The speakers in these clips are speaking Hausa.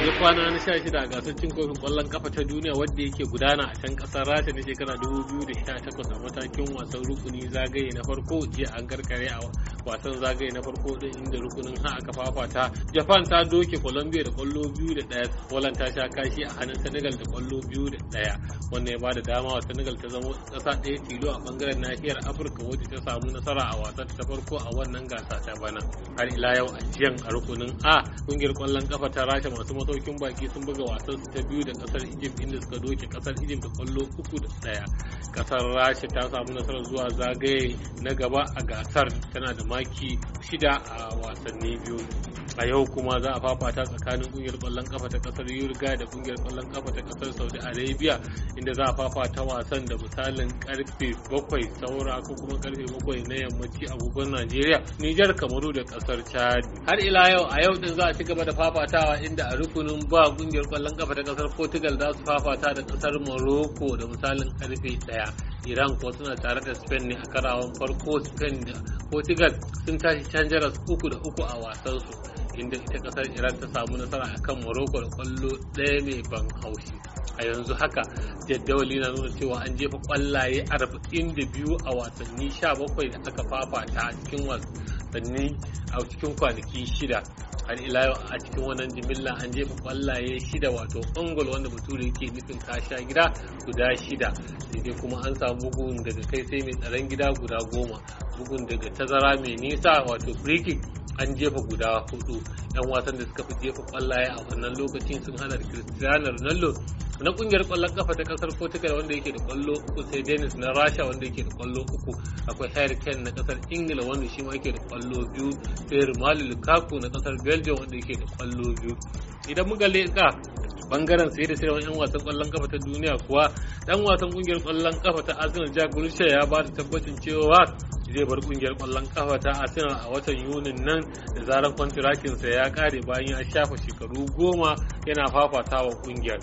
da kwana na sha shida a gasar cin kofin kwallon kafa ta duniya wadda yake gudana a can kasar rasha na shekara takwas a matakin wasan rukuni zagaye na farko jiya an karkare a wasan zagaye na farko din inda rukunin ha aka fafata japan ta doke colombia da kwallo biyu da daya holland ta sha kashi a hannun senegal da kwallo biyu da daya wannan ya ba da dama wa senegal ta zama kasa daya tilo a bangaren nahiyar afirka wadda ta samu nasara a wasan ta farko a wannan gasa ta bana har ila yau a jiyan a rukunin a kungiyar kwallon kafa ta rasha masu masaukin baki sun buga wasan ta biyu da kasar egypt inda suka doke kasar egypt da kwallo uku da daya kasar rasha ta samu nasarar zuwa zagaye na gaba a gasar tana da maki shida a wasanni biyu a yau kuma za a fafata tsakanin kungiyar kwallon kafa ta kasar yurga da kungiyar kwallon kafa ta kasar saudi arabia inda za a fafata wasan da misalin karfe bakwai saura ko kuma karfe bakwai na yammaci agogon najeriya nijar kamaru da kasar chad har ila yau a yau din za a ci gaba da fafatawa inda a rukunin ba kungiyar kwallon kafa ta kasar portugal za su fafata da kasar morocco da misalin karfe daya iran ko suna tare da spain ne a karawan farko spain da portugal sun tashi canjaras uku da uku a wasansu inda ita kasar iran ta samu nasara a kan morocco da kwallo ɗaya mai ban haushi a yanzu haka jaddawali na nuna cewa an jefa kwallaye 42 a wasanni 17 da aka fafata a cikin wasanni a cikin kwanaki shida har ila a cikin wannan jimilla an jefa kwallaye shida wato ungol wanda bature yake nufin kasha gida guda shida daidai kuma an samu bugun daga kai sai mai tsaron gida guda goma bugun daga tazara mai nisa wato free an jefa guda hudu yan wasan da suka fi jefa kwallaye a wannan lokacin sun hana da cristiano ronaldo na kungiyar kwallon kafa ta kasar portugal wanda yake da kwallo uku sai dennis na rasha wanda yake da kwallo uku akwai harry kane na kasar ingila wanda shi ma yake da kwallo biyu sai romelu lukaku na kasar belgium wanda yake da kwallo biyu idan muka leka bangaren sai da sai yan wasan kwallon kafa ta duniya kuwa dan wasan kungiyar kwallon kafa ta arsenal jack ya ba da tabbacin cewa zai bar kungiyar kwallon kafa ta arsenal a watan yunin nan da zarar sa ya kare bayan ya shafa shekaru goma yana fafatawa kungiyar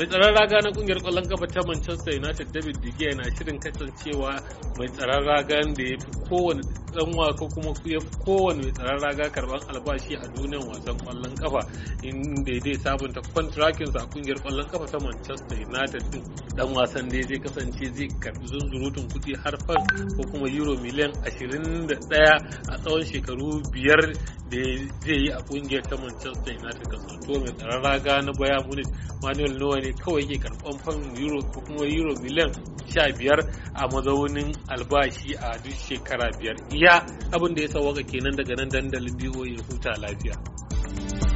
mai tsaron raga na kungiyar kwallon kafa ta manchester united david de gea na shirin kasancewa mai tsaron raga da ya fi kowane dan wasa kuma ya fi kowane mai tsaron raga karban albashi a duniyar wasan kwallon kafa inda ya sabunta kwantirakinsa a kungiyar kwallon kafa ta manchester united din dan wasan da zai kasance zai karbi zunzurutun kuɗi har fas ko kuma euro miliyan 21 a tsawon shekaru biyar da zai yi a kungiyar ta Manchester United kasanto mai tsaron raga na baya Munich Manuel Neuer ne kawai yake karban fan euro ko kuma euro miliyan 15 a mazaunin albashi a duk shekara biyar iya abin da ya sawaka kenan daga nan dandalin biyo ya huta lafiya.